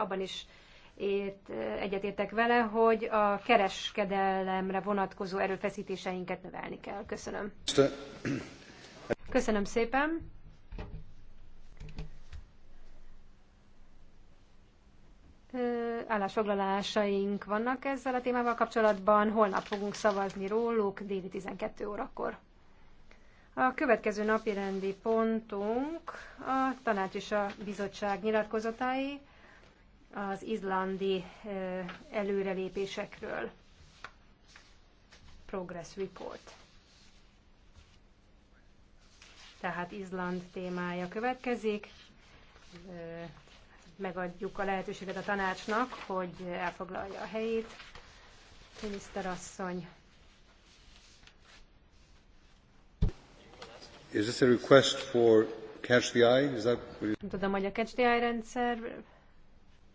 abban is ért, egyetértek vele, hogy a kereskedelemre vonatkozó erőfeszítéseinket növelni kell. Köszönöm. Köszönöm szépen. állásfoglalásaink vannak ezzel a témával kapcsolatban. Holnap fogunk szavazni róluk déli 12 órakor. A következő napi rendi pontunk a tanács és a bizottság nyilatkozatai az izlandi előrelépésekről. Progress Report. Tehát Izland témája következik. Megadjuk a lehetőséget a tanácsnak, hogy elfoglalja a helyét. Miniszterasszony. Is this a request for catch the eye? Is that... you... tudom, hogy a catch the eye rendszer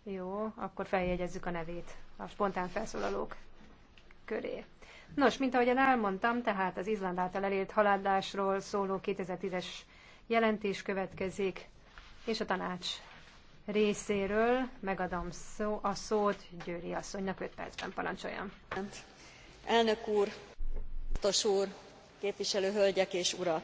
jó, akkor feljegyezzük a nevét a spontán felszólalók köré. Nos, mint ahogyan elmondtam, tehát az Izland által elért haladásról szóló 2010-es jelentés következik, és a tanács részéről megadom szó, a szót Győri asszonynak 5 percben parancsoljam. Elnök úr, biztos úr, képviselő hölgyek és urak!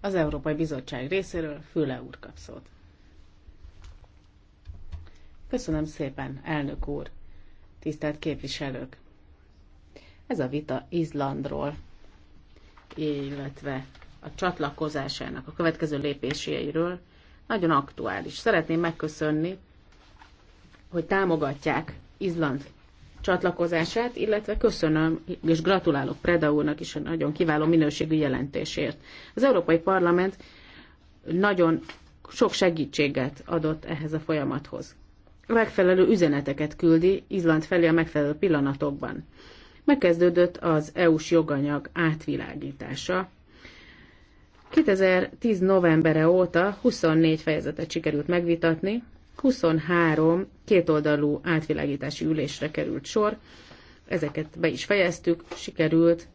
Az Európai Bizottság részéről Füle úr kap szót. Köszönöm szépen, elnök úr, tisztelt képviselők! Ez a vita Izlandról, illetve a csatlakozásának a következő lépéseiről nagyon aktuális. Szeretném megköszönni, hogy támogatják Izland csatlakozását, illetve köszönöm és gratulálok Preda úrnak is a nagyon kiváló minőségű jelentésért. Az Európai Parlament nagyon sok segítséget adott ehhez a folyamathoz. A megfelelő üzeneteket küldi Izland felé a megfelelő pillanatokban. Megkezdődött az EU-s joganyag átvilágítása. 2010. novembere óta 24 fejezetet sikerült megvitatni, 23 kétoldalú átvilágítási ülésre került sor. Ezeket be is fejeztük, sikerült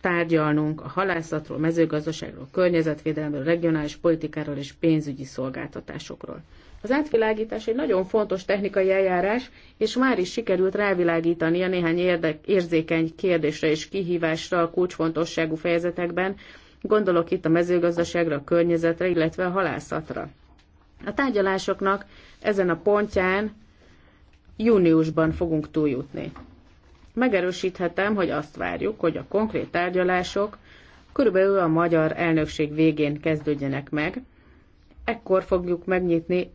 tárgyalnunk a halászatról, mezőgazdaságról, környezetvédelemről, regionális politikáról és pénzügyi szolgáltatásokról. Az átvilágítás egy nagyon fontos technikai eljárás, és már is sikerült rávilágítani a néhány érdek, érzékeny kérdésre és kihívásra a kulcsfontosságú fejezetekben, gondolok itt a mezőgazdaságra, a környezetre, illetve a halászatra. A tárgyalásoknak ezen a pontján júniusban fogunk túljutni. Megerősíthetem, hogy azt várjuk, hogy a konkrét tárgyalások körülbelül a magyar elnökség végén kezdődjenek meg. Ekkor fogjuk megnyitni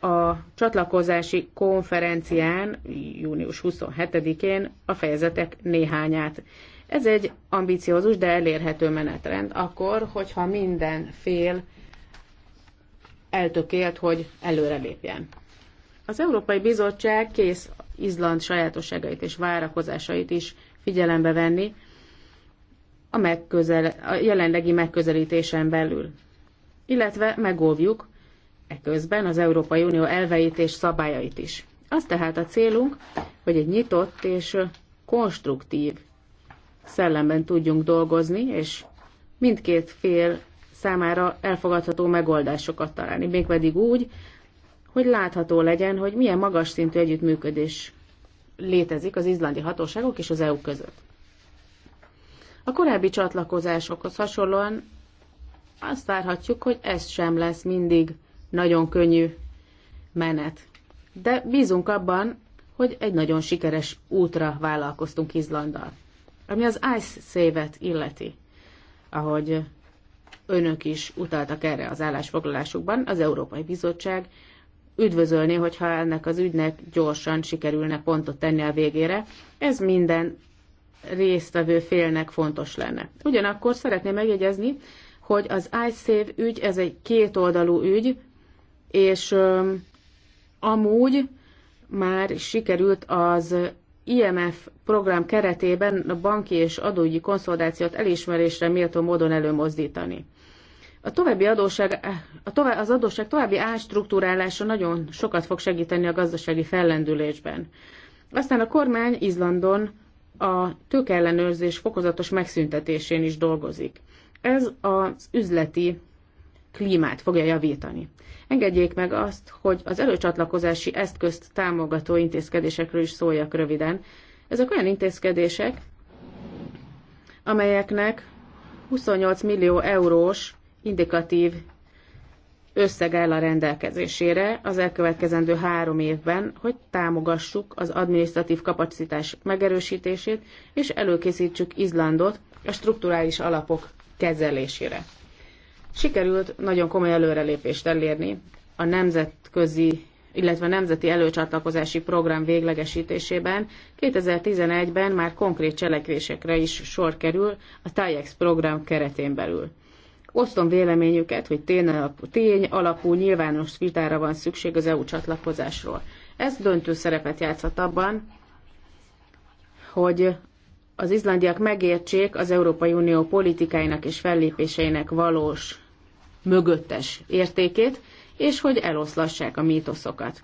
a csatlakozási konferencián június 27-én a fejezetek néhányát. Ez egy ambiciózus, de elérhető menetrend akkor, hogyha minden fél eltökélt, hogy előrelépjen. Az Európai Bizottság kész Izland sajátosságait és várakozásait is figyelembe venni a, megközel, a jelenlegi megközelítésen belül, illetve megóvjuk eközben az Európai Unió elveit és szabályait is. Az tehát a célunk, hogy egy nyitott és konstruktív szellemben tudjunk dolgozni, és mindkét fél számára elfogadható megoldásokat találni, mégpedig úgy, hogy látható legyen, hogy milyen magas szintű együttműködés létezik az izlandi hatóságok és az EU között. A korábbi csatlakozásokhoz hasonlóan azt várhatjuk, hogy ez sem lesz mindig nagyon könnyű menet. De bízunk abban, hogy egy nagyon sikeres útra vállalkoztunk Izlanddal. Ami az Ice Save-et illeti, ahogy önök is utaltak erre az állásfoglalásukban, az Európai Bizottság üdvözölné, hogyha ennek az ügynek gyorsan sikerülne pontot tenni a végére. Ez minden résztvevő félnek fontos lenne. Ugyanakkor szeretném megjegyezni, hogy az iSave ügy, ez egy kétoldalú ügy, és öm, amúgy már sikerült az IMF program keretében a banki és adóügyi konszolidációt elismerésre méltó módon előmozdítani. A további adóság, eh, a tovább, az adósság további átstruktúrálása nagyon sokat fog segíteni a gazdasági fellendülésben. Aztán a kormány Izlandon a tőkeellenőrzés fokozatos megszüntetésén is dolgozik. Ez az üzleti klímát fogja javítani. Engedjék meg azt, hogy az előcsatlakozási eszközt támogató intézkedésekről is szóljak röviden. Ezek olyan intézkedések, amelyeknek 28 millió eurós indikatív összeg áll a rendelkezésére az elkövetkezendő három évben, hogy támogassuk az adminisztratív kapacitás megerősítését, és előkészítsük Izlandot a strukturális alapok kezelésére. Sikerült nagyon komoly előrelépést elérni a nemzetközi, illetve nemzeti előcsatlakozási program véglegesítésében. 2011-ben már konkrét cselekvésekre is sor kerül a TAIEX program keretén belül. Osztom véleményüket, hogy tény alapú nyilvános vitára van szükség az EU csatlakozásról. Ez döntő szerepet játszhat abban, hogy az izlandiak megértsék az Európai Unió politikáinak és fellépéseinek valós mögöttes értékét, és hogy eloszlassák a mítoszokat.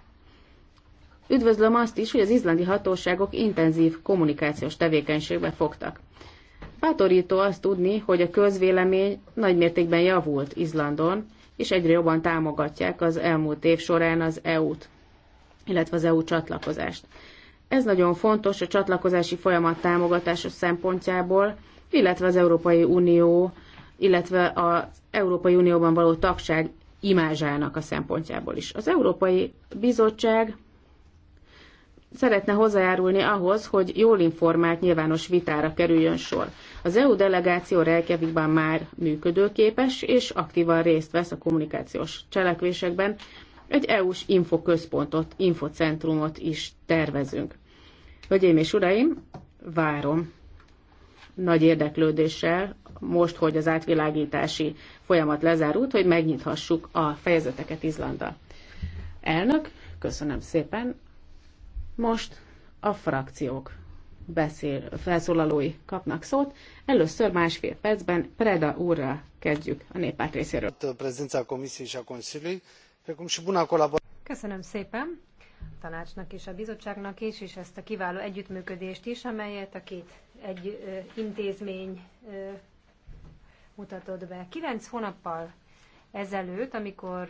Üdvözlöm azt is, hogy az izlandi hatóságok intenzív kommunikációs tevékenységbe fogtak. Bátorító azt tudni, hogy a közvélemény nagymértékben javult Izlandon, és egyre jobban támogatják az elmúlt év során az EU-t, illetve az EU csatlakozást. Ez nagyon fontos a csatlakozási folyamat támogatása szempontjából, illetve az Európai Unió, illetve az Európai Unióban való tagság imázsának a szempontjából is. Az Európai Bizottság szeretne hozzájárulni ahhoz, hogy jól informált nyilvános vitára kerüljön sor. Az EU delegáció Reykjavikban már működőképes, és aktívan részt vesz a kommunikációs cselekvésekben. Egy EU-s infoközpontot, infocentrumot is tervezünk. Hölgyeim és uraim, várom nagy érdeklődéssel, most, hogy az átvilágítási folyamat lezárult, hogy megnyithassuk a fejezeteket Izlanda. Elnök, köszönöm szépen. Most a frakciók beszél, felszólalói kapnak szót. Először másfél percben Preda úrral kezdjük a néppárt részéről. Köszönöm szépen a tanácsnak és a bizottságnak is, és ezt a kiváló együttműködést is, amelyet a két egy ö, intézmény ö, mutatott be. Kilenc hónappal ezelőtt, amikor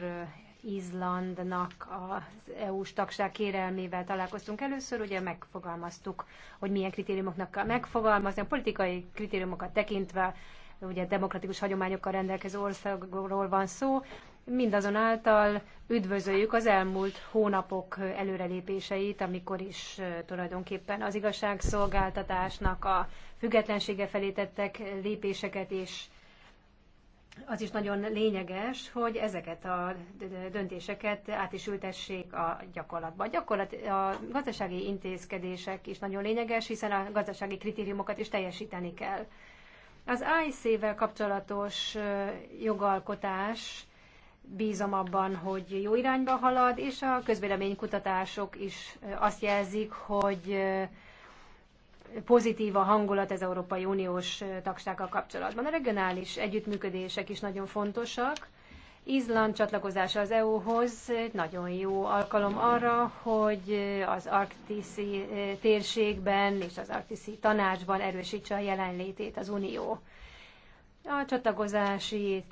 Izlandnak az EU-s tagság kérelmével találkoztunk először, ugye megfogalmaztuk, hogy milyen kritériumoknak kell megfogalmazni, a politikai kritériumokat tekintve, ugye demokratikus hagyományokkal rendelkező országról van szó, mindazonáltal üdvözöljük az elmúlt hónapok előrelépéseit, amikor is tulajdonképpen az igazságszolgáltatásnak a függetlensége felé tettek lépéseket, és az is nagyon lényeges, hogy ezeket a döntéseket át is ültessék a gyakorlatba. A, gyakorlat, a gazdasági intézkedések is nagyon lényeges, hiszen a gazdasági kritériumokat is teljesíteni kell. Az aic vel kapcsolatos jogalkotás bízom abban, hogy jó irányba halad, és a közvéleménykutatások is azt jelzik, hogy pozitív a hangulat az Európai Uniós tagsággal kapcsolatban. A regionális együttműködések is nagyon fontosak. Izland csatlakozása az EU-hoz nagyon jó alkalom arra, hogy az arktiszi térségben és az arktiszi tanácsban erősítse a jelenlétét az Unió. A csatlakozási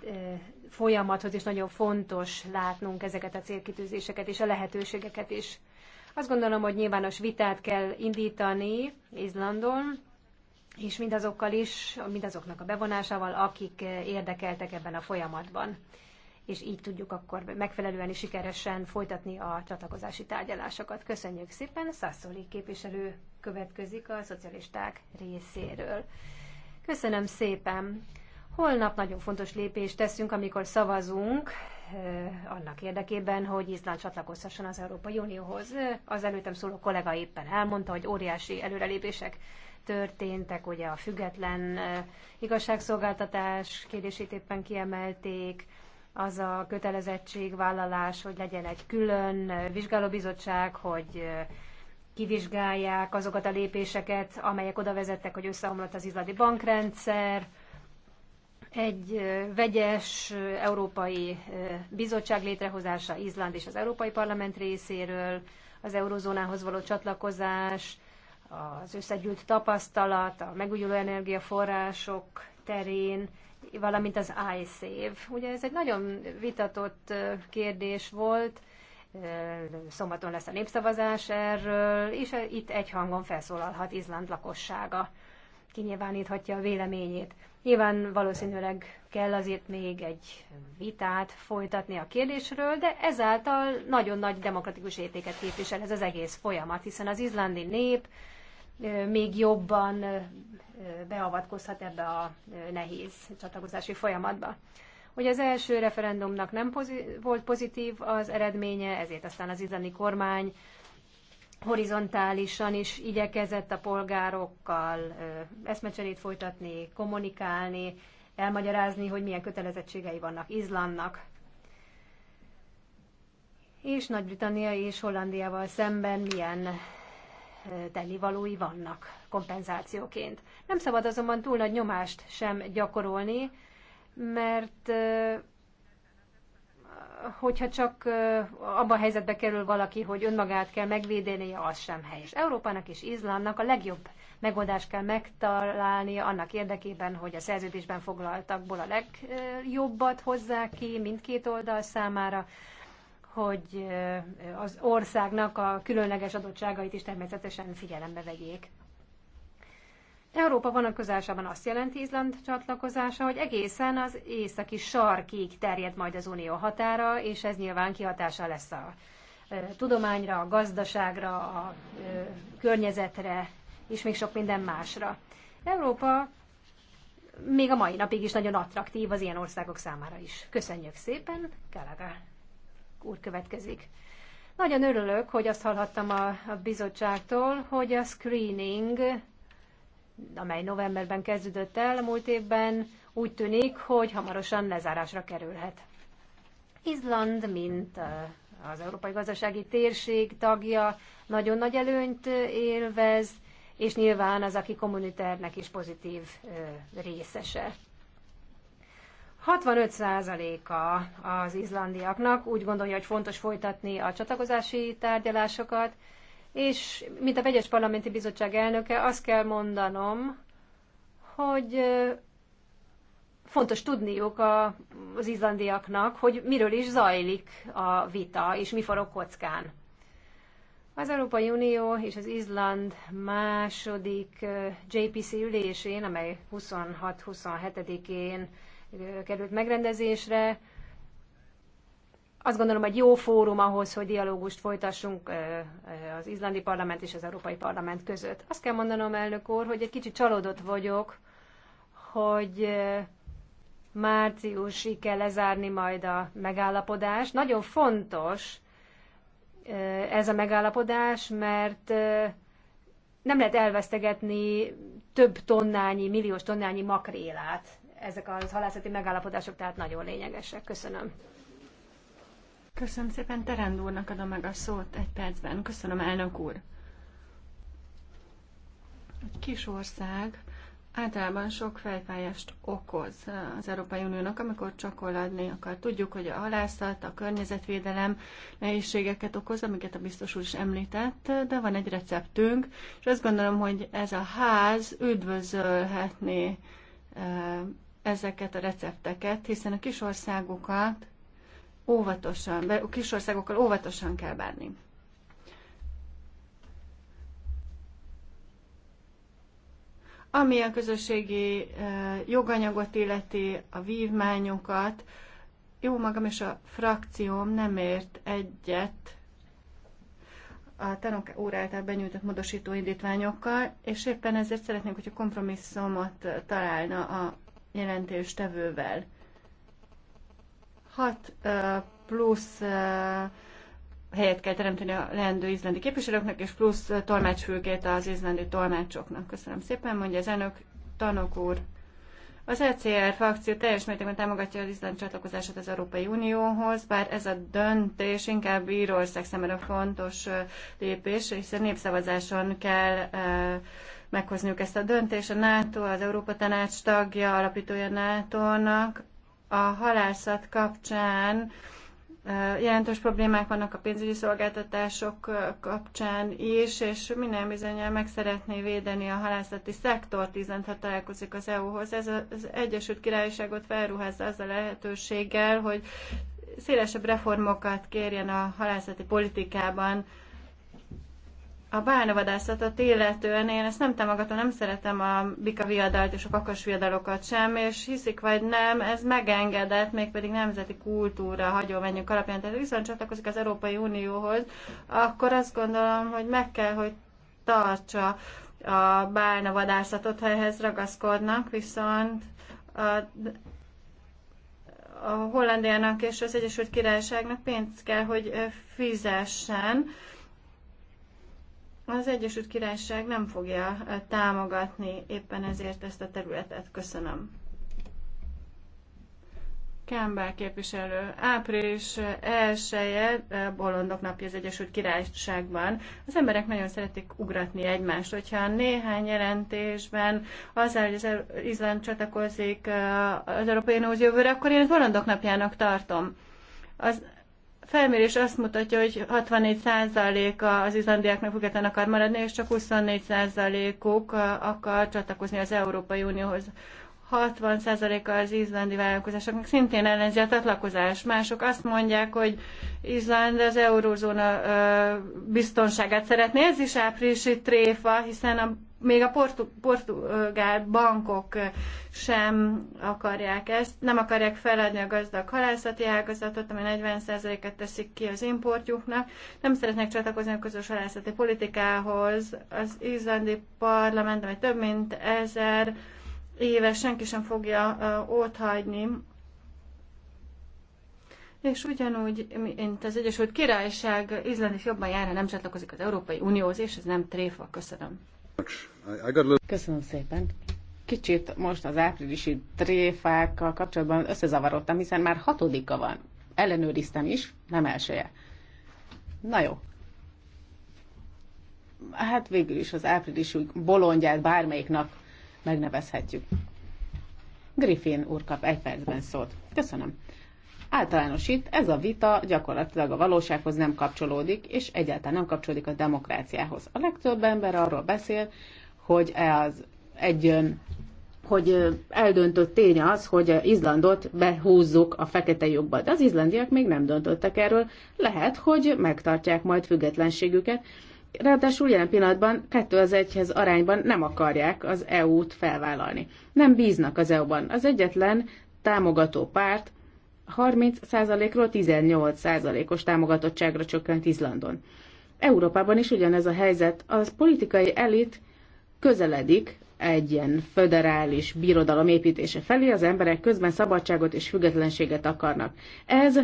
folyamathoz is nagyon fontos látnunk ezeket a célkitűzéseket és a lehetőségeket is. Azt gondolom, hogy nyilvános vitát kell indítani Izlandon, és mindazokkal is, mindazoknak a bevonásával, akik eh, érdekeltek ebben a folyamatban. És így tudjuk akkor megfelelően és sikeresen folytatni a csatlakozási tárgyalásokat. Köszönjük szépen, Szaszoli képviselő következik a szocialisták részéről. Köszönöm szépen! Holnap nagyon fontos lépést teszünk, amikor szavazunk Eh, annak érdekében, hogy Izland csatlakozhasson az Európai Unióhoz. Az előttem szóló kollega éppen elmondta, hogy óriási előrelépések történtek, ugye a független eh, igazságszolgáltatás kérdését éppen kiemelték, az a kötelezettségvállalás, hogy legyen egy külön eh, vizsgálóbizottság, hogy kivizsgálják azokat a lépéseket, amelyek oda vezettek, hogy összeomlott az izlandi bankrendszer, egy vegyes európai bizottság létrehozása Izland és az Európai Parlament részéről, az eurozónához való csatlakozás, az összegyűlt tapasztalat, a megújuló energiaforrások terén, valamint az iSave. Ugye ez egy nagyon vitatott kérdés volt, szombaton lesz a népszavazás erről, és itt egy hangon felszólalhat Izland lakossága kinyilváníthatja a véleményét. Nyilván valószínűleg kell azért még egy vitát folytatni a kérdésről, de ezáltal nagyon nagy demokratikus értéket képvisel ez az egész folyamat, hiszen az izlandi nép még jobban beavatkozhat ebbe a nehéz csatlakozási folyamatba. Hogy az első referendumnak nem pozi- volt pozitív az eredménye, ezért aztán az izlandi kormány horizontálisan is igyekezett a polgárokkal eszmecserét folytatni, kommunikálni, elmagyarázni, hogy milyen kötelezettségei vannak Izlandnak. És Nagy-Britannia és Hollandiával szemben milyen tennivalói vannak kompenzációként. Nem szabad azonban túl nagy nyomást sem gyakorolni, mert hogyha csak abba a helyzetbe kerül valaki, hogy önmagát kell megvédenie, az sem helyes. Európának és Izlandnak a legjobb megoldást kell megtalálni annak érdekében, hogy a szerződésben foglaltakból a legjobbat hozzák ki mindkét oldal számára, hogy az országnak a különleges adottságait is természetesen figyelembe vegyék. Európa vonatkozásában azt jelenti Izland csatlakozása, hogy egészen az északi sarkig terjed majd az unió határa, és ez nyilván kihatása lesz a tudományra, a gazdaságra, a környezetre, és még sok minden másra. Európa még a mai napig is nagyon attraktív az ilyen országok számára is. Köszönjük szépen, Gallagher úr következik. Nagyon örülök, hogy azt hallhattam a, a bizottságtól, hogy a screening amely novemberben kezdődött el a múlt évben, úgy tűnik, hogy hamarosan lezárásra kerülhet. Izland, mint az Európai Gazdasági Térség tagja, nagyon nagy előnyt élvez, és nyilván az, aki kommuniternek is pozitív részese. 65%-a az izlandiaknak úgy gondolja, hogy fontos folytatni a csatlakozási tárgyalásokat, és mint a Vegyes Parlamenti Bizottság elnöke, azt kell mondanom, hogy fontos tudniuk a, az izlandiaknak, hogy miről is zajlik a vita, és mi forog kockán. Az Európai Unió és az Izland második JPC ülésén, amely 26-27-én került megrendezésre, azt gondolom, hogy jó fórum ahhoz, hogy dialógust folytassunk az izlandi parlament és az európai parlament között. Azt kell mondanom, elnök úr, hogy egy kicsit csalódott vagyok, hogy márciusig kell lezárni majd a megállapodás. Nagyon fontos ez a megállapodás, mert nem lehet elvesztegetni több tonnányi, milliós tonnányi makrélát. Ezek az halászati megállapodások tehát nagyon lényegesek. Köszönöm. Köszönöm szépen, Terend úrnak adom meg a szót egy percben. Köszönöm, elnök úr. Egy kis ország általában sok fejfájást okoz az Európai Uniónak, amikor csakoladni akar. Tudjuk, hogy a halászat, a környezetvédelem nehézségeket okoz, amiket a biztos úr is említett, de van egy receptünk, és azt gondolom, hogy ez a ház üdvözölhetné eh, ezeket a recepteket, hiszen a kis országokat óvatosan, a kis országokkal óvatosan kell bánni. Ami a közösségi eh, joganyagot illeti, a vívmányokat, jó magam és a frakcióm nem ért egyet a tanok óra által benyújtott módosító indítványokkal, és éppen ezért szeretnénk, hogy a kompromisszumot találna a jelentéstevővel. Hat plusz helyet kell teremteni a leendő izlandi képviselőknek, és plusz tolmácsfülkét az izlandi tolmácsoknak. Köszönöm szépen, mondja az elnök, tanok úr. Az ECR frakció teljes mértékben támogatja az Izland csatlakozását az Európai Unióhoz, bár ez a döntés inkább Írország számára fontos lépés, hiszen népszavazáson kell meghozniuk ezt a döntést. A NATO, az Európa Tanács tagja, alapítója NATO-nak, a halászat kapcsán jelentős problémák vannak a pénzügyi szolgáltatások kapcsán is, és minden bizonyal meg szeretné védeni a halászati szektort, hiszen ha találkozik az EU-hoz. Ez az Egyesült Királyságot felruházza azzal a lehetőséggel, hogy szélesebb reformokat kérjen a halászati politikában a bálnavadászatot illetően én ezt nem támogatom, nem szeretem a bika viadalt és a kakas viadalokat sem, és hiszik vagy nem, ez megengedett, mégpedig nemzeti kultúra hagyományok alapján. Tehát viszont csatlakozik az Európai Unióhoz, akkor azt gondolom, hogy meg kell, hogy tartsa a bálnavadászatot, ha ehhez ragaszkodnak, viszont a, a Hollandiának és az Egyesült Királyságnak pénzt kell, hogy fizessen, az Egyesült Királyság nem fogja támogatni éppen ezért ezt a területet. Köszönöm. Kámbá képviselő. Április 1 -e, bolondok napja az Egyesült Királyságban. Az emberek nagyon szeretik ugratni egymást, hogyha néhány jelentésben az, hogy az e- Izland csatlakozik az Európai Unió jövőre, akkor én ezt bolondok napjának tartom. Az felmérés azt mutatja, hogy 64%-a az izlandiáknak független akar maradni, és csak 24%-uk akar csatlakozni az Európai Unióhoz. 60%-a az izlandi vállalkozásoknak szintén ellenzi a csatlakozás. Mások azt mondják, hogy Izland az eurózóna biztonságát szeretné. Ez is áprilisi tréfa, hiszen a még a portugál bankok sem akarják ezt, nem akarják feladni a gazdag halászati ágazatot, ami 40%-et teszik ki az importjuknak, nem szeretnek csatlakozni a közös halászati politikához. Az izlandi parlament, amely több mint ezer éve senki sem fogja ott hagyni, és ugyanúgy, mint az Egyesült Királyság, Izland is jobban járna, nem csatlakozik az Európai Unióhoz, és ez nem tréfa. Köszönöm. Köszönöm szépen. Kicsit most az áprilisi tréfákkal kapcsolatban összezavarodtam, hiszen már hatodika van. Ellenőriztem is, nem elsője. Na jó. Hát végül is az áprilisi bolondját bármelyiknak megnevezhetjük. Griffin úr kap egy percben szót. Köszönöm általánosít, ez a vita gyakorlatilag a valósághoz nem kapcsolódik, és egyáltalán nem kapcsolódik a demokráciához. A legtöbb ember arról beszél, hogy az egy hogy eldöntött tény az, hogy Izlandot behúzzuk a fekete lyukba. De az izlandiak még nem döntöttek erről. Lehet, hogy megtartják majd függetlenségüket. Ráadásul jelen pillanatban 2001 hez arányban nem akarják az EU-t felvállalni. Nem bíznak az EU-ban. Az egyetlen támogató párt, 30%-ról 18%-os támogatottságra csökkent Izlandon. Európában is ugyanez a helyzet, az politikai elit közeledik egy ilyen föderális birodalom építése felé, az emberek közben szabadságot és függetlenséget akarnak. Ez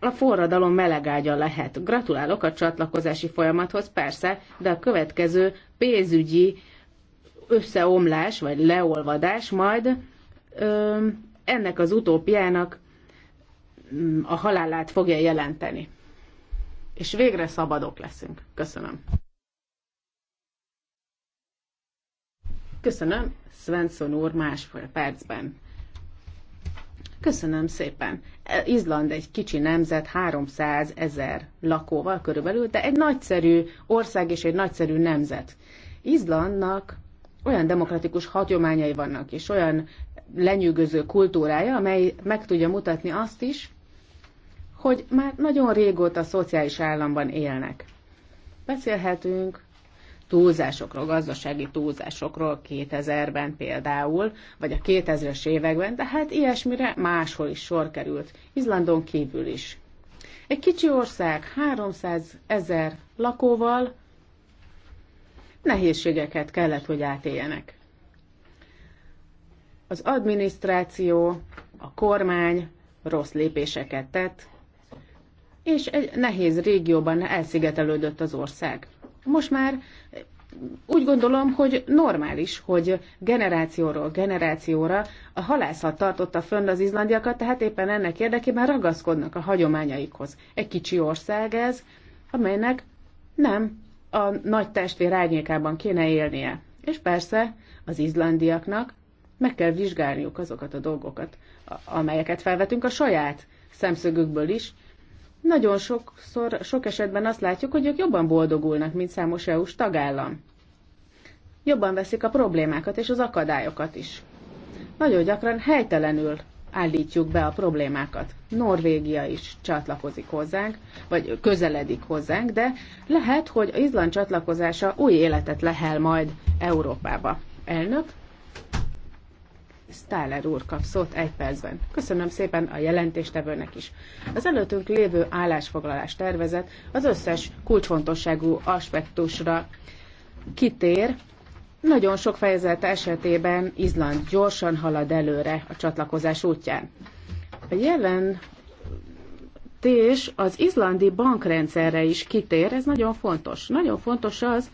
a forradalom melegágya lehet. Gratulálok a csatlakozási folyamathoz, persze, de a következő pénzügyi összeomlás vagy leolvadás majd ö, ennek az utópiának a halálát fogja jelenteni. És végre szabadok leszünk. Köszönöm. Köszönöm, Svensson úr másfél percben. Köszönöm szépen. E, Izland egy kicsi nemzet, 300 ezer lakóval körülbelül, de egy nagyszerű ország és egy nagyszerű nemzet. Izlandnak olyan demokratikus hagyományai vannak, és olyan lenyűgöző kultúrája, amely meg tudja mutatni azt is, hogy már nagyon régóta szociális államban élnek. Beszélhetünk túlzásokról, gazdasági túlzásokról 2000-ben például, vagy a 2000-es években, de hát ilyesmire máshol is sor került, Izlandon kívül is. Egy kicsi ország 300 ezer lakóval nehézségeket kellett, hogy átéljenek. Az adminisztráció, a kormány rossz lépéseket tett, és egy nehéz régióban elszigetelődött az ország. Most már úgy gondolom, hogy normális, hogy generációról generációra a halászat tartotta fönn az izlandiakat, tehát éppen ennek érdekében ragaszkodnak a hagyományaikhoz. Egy kicsi ország ez, amelynek nem a nagy testvér árnyékában kéne élnie. És persze az izlandiaknak meg kell vizsgálniuk azokat a dolgokat, amelyeket felvetünk a saját szemszögükből is, nagyon sokszor, sok esetben azt látjuk, hogy ők jobban boldogulnak, mint számos EU-s tagállam. Jobban veszik a problémákat és az akadályokat is. Nagyon gyakran helytelenül állítjuk be a problémákat. Norvégia is csatlakozik hozzánk, vagy közeledik hozzánk, de lehet, hogy Izland csatlakozása új életet lehel majd Európába. Elnök, Stáler úr kap szót egy percben. Köszönöm szépen a jelentéstevőnek is. Az előttünk lévő állásfoglalás tervezet az összes kulcsfontosságú aspektusra kitér, nagyon sok fejezet esetében Izland gyorsan halad előre a csatlakozás útján. A jelen és az izlandi bankrendszerre is kitér, ez nagyon fontos. Nagyon fontos az,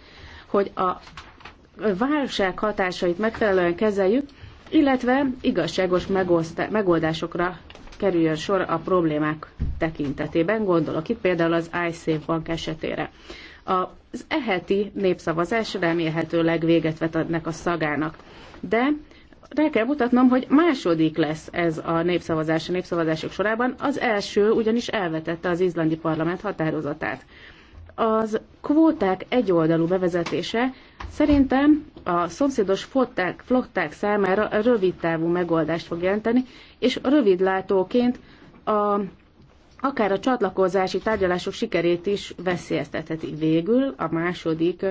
hogy a válság hatásait megfelelően kezeljük, illetve igazságos megoldásokra kerüljön sor a problémák tekintetében. Gondolok itt például az iSafe bank esetére. Az eheti népszavazás remélhetőleg véget vet ennek a szagának. De rá kell mutatnom, hogy második lesz ez a népszavazás a népszavazások sorában. Az első ugyanis elvetette az izlandi parlament határozatát az kvóták egyoldalú bevezetése szerintem a szomszédos flották, flották számára rövid távú megoldást fog jelenteni, és rövidlátóként a, akár a csatlakozási tárgyalások sikerét is veszélyeztetheti. Végül a második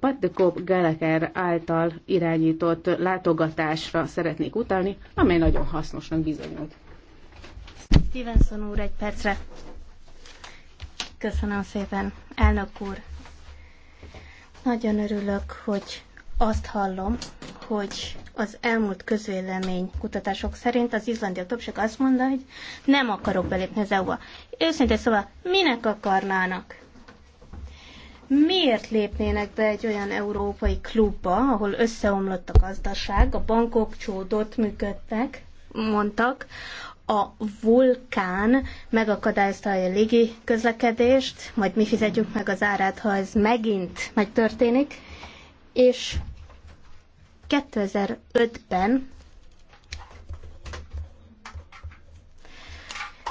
Pattekop Geleker által irányított látogatásra szeretnék utalni, amely nagyon hasznosnak bizonyult. Stevenson úr, egy percre. Köszönöm szépen, elnök úr. Nagyon örülök, hogy azt hallom, hogy az elmúlt közvélemény kutatások szerint az izlandi többség azt mondta, hogy nem akarok belépni az EU-ba. Őszintén szóval, minek akarnának? Miért lépnének be egy olyan európai klubba, ahol összeomlott a gazdaság, a bankok csódot működtek, mondtak, a vulkán megakadályozta a légi közlekedést, majd mi fizetjük meg az árát, ha ez megint megtörténik, és 2005-ben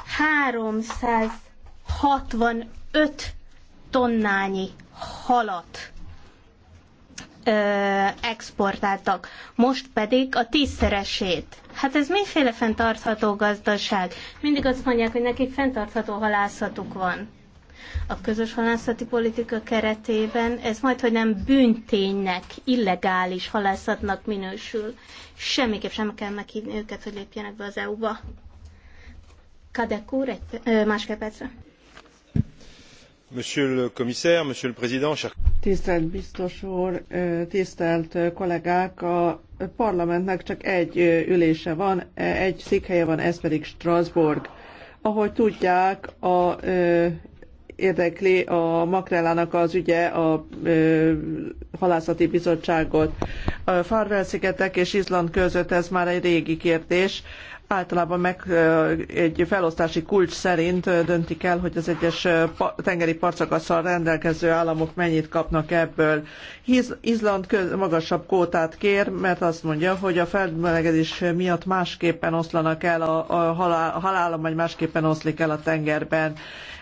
365 tonnányi halat exportáltak, most pedig a tízszeresét. Hát ez miféle fenntartható gazdaság? Mindig azt mondják, hogy nekik fenntartható halászatuk van. A közös halászati politika keretében ez majd, hogy nem bűnténynek, illegális halászatnak minősül. Semmiképp sem kell meghívni őket, hogy lépjenek be az EU-ba. Kadek úr, egy, másfél percre. Monsieur le commissaire, monsieur le président, chers Tisztelt biztos úr, tisztelt kollégák, a parlamentnek csak egy ülése van, e, egy székhelye van, ez pedig Strasbourg. Ahogy tudják, a, érdekli a makrellának az ügye a ö, halászati bizottságot. A Farvel-szigetek és Izland között ez már egy régi kérdés általában meg egy felosztási kulcs szerint döntik el, hogy az egyes tengeri partszakaszsal rendelkező államok mennyit kapnak ebből. Izland magasabb kótát kér, mert azt mondja, hogy a földmelegedés miatt másképpen oszlanak el, a, a halálom, vagy másképpen oszlik el a tengerben.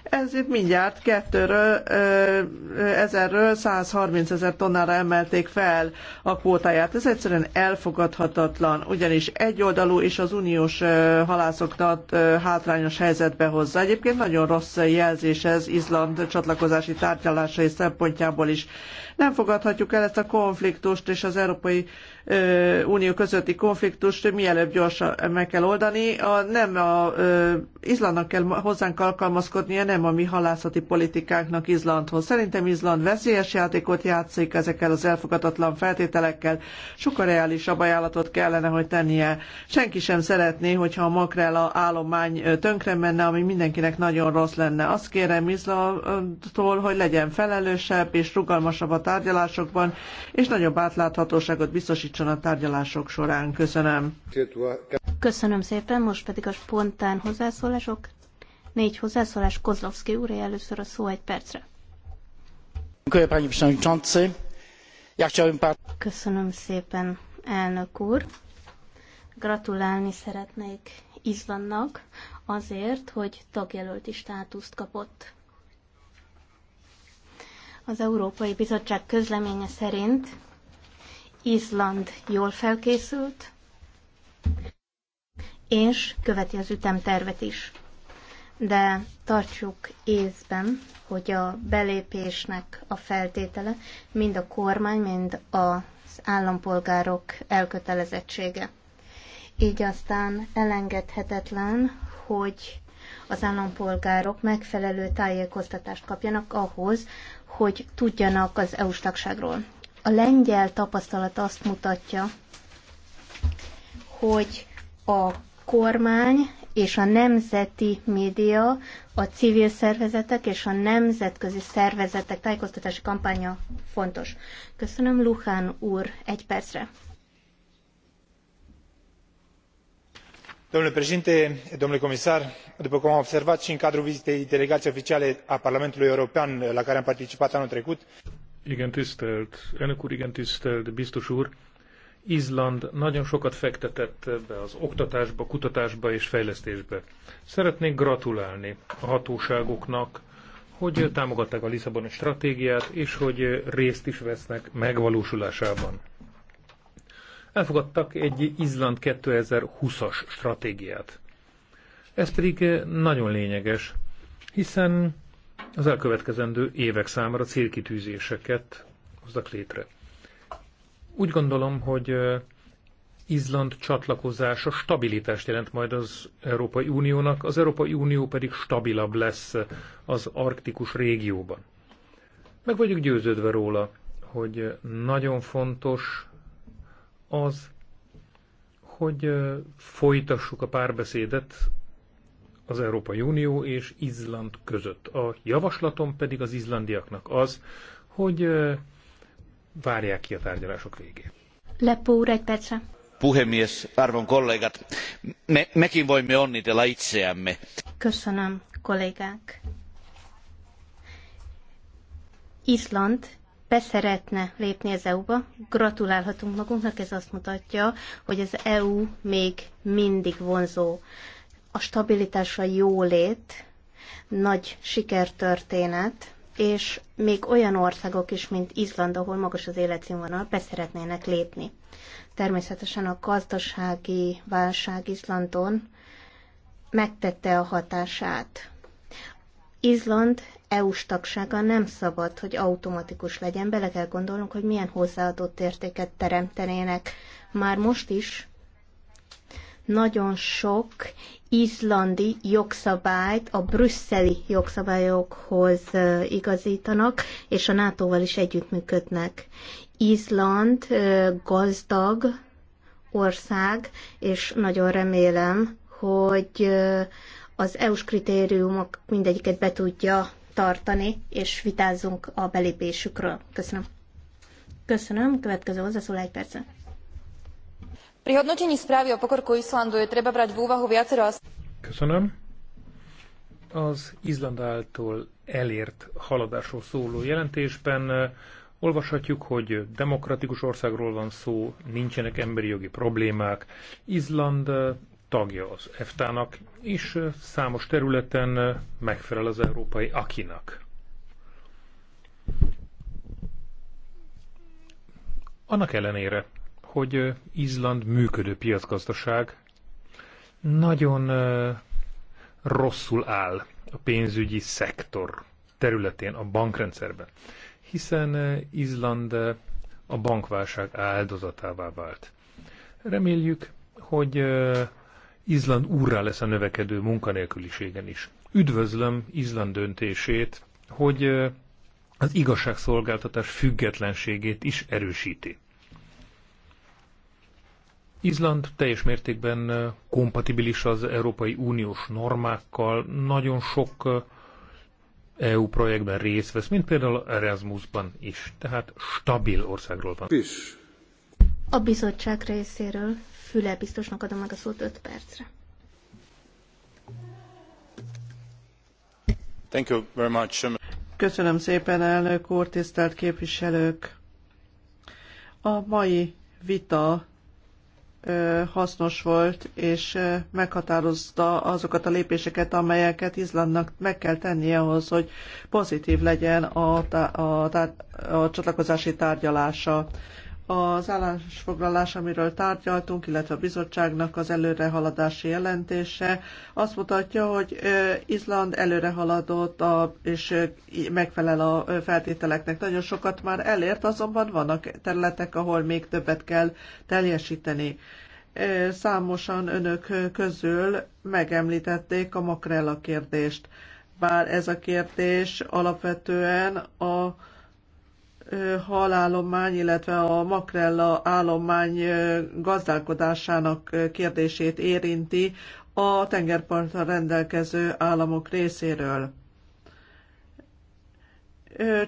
Ez itt mindjárt 2000-ről 130 ezer tonnára emelték fel a kvótáját. Ez egyszerűen elfogadhatatlan, ugyanis egyoldalú és az uniós halászoknak hátrányos helyzetbe hozza. Egyébként nagyon rossz jelzés ez Izland csatlakozási tárgyalásai szempontjából is. Nem fogadhatjuk el ezt a konfliktust, és az Európai Unió közötti konfliktust mielőbb gyorsan meg kell oldani. A, nem a Izlandnak kell hozzánk alkalmazkodnia, nem a mi halászati politikánknak Izlandhoz. Szerintem Izland veszélyes játékot játszik ezekkel az elfogadatlan feltételekkel. Sokkal reálisabb ajánlatot kellene, hogy tennie. Senki sem szeretné, hogyha a makrela állomány tönkre menne, ami mindenkinek nagyon rossz lenne. Azt kérem Izlandtól, hogy legyen felelősebb és rugalmasabb a tárgyalásokban, és nagyobb átláthatóságot biztosít tartson a tárgyalások során. Köszönöm. Köszönöm szépen, most pedig a spontán hozzászólások. Négy hozzászólás, Kozlovszki úr, először a szó egy percre. Köszönöm szépen, elnök úr. Gratulálni szeretnék Izlandnak azért, hogy tagjelölti státuszt kapott. Az Európai Bizottság közleménye szerint Izland jól felkészült, és követi az ütemtervet is. De tartsuk észben, hogy a belépésnek a feltétele mind a kormány, mind az állampolgárok elkötelezettsége. Így aztán elengedhetetlen, hogy az állampolgárok megfelelő tájékoztatást kapjanak ahhoz, hogy tudjanak az EU-s tagságról. A lengyel tapasztalat azt mutatja, hogy a kormány és a nemzeti média, a civil szervezetek és a nemzetközi szervezetek tájékoztatási kampánya fontos. Köszönöm, Luhán úr, egy percre. Domnule președinte, domnule comisar, după cum am observat și în cadrul vizitei delegației oficiale a Parlamentului European la care am participat anul trecut, igen, tisztelt elnök úr, igen, tisztelt biztos úr. Izland nagyon sokat fektetett be az oktatásba, kutatásba és fejlesztésbe. Szeretnék gratulálni a hatóságoknak, hogy támogatták a Lisszaboni stratégiát, és hogy részt is vesznek megvalósulásában. Elfogadtak egy Izland 2020-as stratégiát. Ez pedig nagyon lényeges, hiszen az elkövetkezendő évek számára célkitűzéseket hoznak létre. Úgy gondolom, hogy Izland csatlakozása stabilitást jelent majd az Európai Uniónak, az Európai Unió pedig stabilabb lesz az arktikus régióban. Meg vagyok győződve róla, hogy nagyon fontos az, hogy folytassuk a párbeszédet az Európai Unió és Izland között. A javaslatom pedig az izlandiaknak az, hogy várják ki a tárgyalások végét. Leppó úr, egy percre. Puhemies, arvon kollégat, me, mekin voimme onnitella itseämme. Köszönöm, kollégák. Izland beszeretne lépni az EU-ba. Gratulálhatunk magunknak, ez azt mutatja, hogy az EU még mindig vonzó a stabilitás, a jólét nagy sikertörténet, és még olyan országok is, mint Izland, ahol magas az életszínvonal, beszeretnének lépni. Természetesen a gazdasági válság Izlandon megtette a hatását. Izland EU-s tagsága nem szabad, hogy automatikus legyen, bele kell gondolnunk, hogy milyen hozzáadott értéket teremtenének. Már most is nagyon sok izlandi jogszabályt a brüsszeli jogszabályokhoz igazítanak, és a NATO-val is együttműködnek. Izland gazdag ország, és nagyon remélem, hogy az EU-s kritériumok mindegyiket be tudja tartani, és vitázzunk a belépésükről. Köszönöm. Köszönöm. Következő hozzászól egy percen. Pri hodnotení správy o pokroku Islandu je treba brať v úvahu viacero... Köszönöm. Az Izland által elért haladásról szóló jelentésben eh, olvashatjuk, hogy demokratikus országról van szó, nincsenek emberi jogi problémák. Izland eh, tagja az EFTA-nak, és eh, számos területen megfelel az európai akinak. Annak ellenére, hogy Izland működő piacgazdaság nagyon rosszul áll a pénzügyi szektor területén, a bankrendszerben, hiszen Izland a bankválság áldozatává vált. Reméljük, hogy Izland úrrá lesz a növekedő munkanélküliségen is. Üdvözlöm Izland döntését, hogy az igazságszolgáltatás függetlenségét is erősíti. Izland teljes mértékben kompatibilis az Európai Uniós normákkal, nagyon sok EU projektben részt vesz, mint például Erasmusban is, tehát stabil országról van. Pis. A bizottság részéről Füle biztosnak adom meg a szót 5 percre. Thank you very much. Köszönöm szépen, elnök úr, tisztelt képviselők! A mai vita hasznos volt, és meghatározta azokat a lépéseket, amelyeket Izlandnak meg kell tennie ahhoz, hogy pozitív legyen a, tá- a, a csatlakozási tárgyalása az állásfoglalás, amiről tárgyaltunk, illetve a bizottságnak az előrehaladási jelentése azt mutatja, hogy Izland előrehaladott a, és megfelel a feltételeknek. Nagyon sokat már elért, azonban vannak területek, ahol még többet kell teljesíteni. Számosan önök közül megemlítették a makrella kérdést. Bár ez a kérdés alapvetően a halállomány, illetve a makrella állomány gazdálkodásának kérdését érinti a tengerparttal rendelkező államok részéről.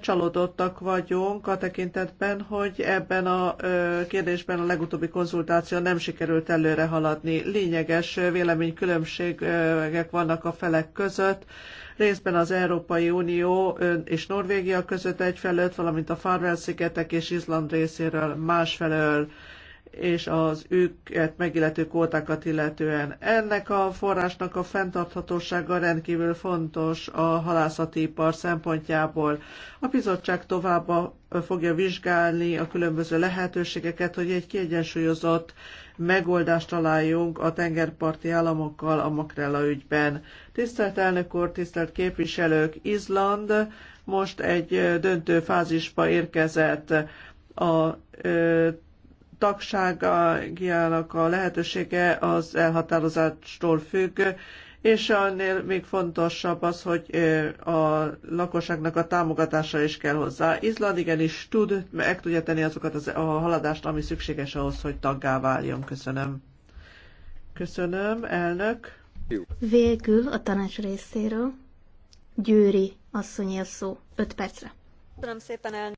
Csalódottak vagyunk a tekintetben, hogy ebben a kérdésben a legutóbbi konzultáció nem sikerült előre haladni. Lényeges véleménykülönbségek vannak a felek között, részben az Európai Unió és Norvégia között egyfelől, valamint a Farvel-szigetek és Izland részéről másfelől és az őket megillető kótákat illetően. Ennek a forrásnak a fenntarthatósága rendkívül fontos a halászati ipar szempontjából. A bizottság továbbá fogja vizsgálni a különböző lehetőségeket, hogy egy kiegyensúlyozott megoldást találjunk a tengerparti államokkal a makrela ügyben. Tisztelt elnök úr, tisztelt képviselők, Izland most egy döntő fázisba érkezett a tagságának a lehetősége az elhatározástól függ, és annél még fontosabb az, hogy a lakosságnak a támogatása is kell hozzá. Izland igenis tud, meg tudja tenni azokat az, a haladást, ami szükséges ahhoz, hogy taggá váljon. Köszönöm. Köszönöm, elnök. Végül a tanács részéről Győri asszonyi a szó. 5 percre. Köszönöm szépen, elnök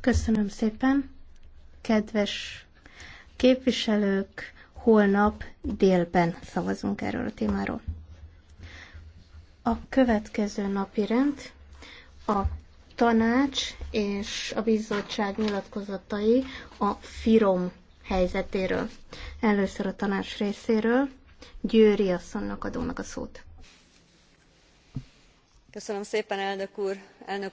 Köszönöm szépen. Kedves képviselők, holnap délben szavazunk erről a témáról. A következő napi rend a tanács és a bizottság nyilatkozatai a FIROM helyzetéről. Először a tanács részéről Győri asszonynak adónak a szót elnök úr elnök képviselőtársaim!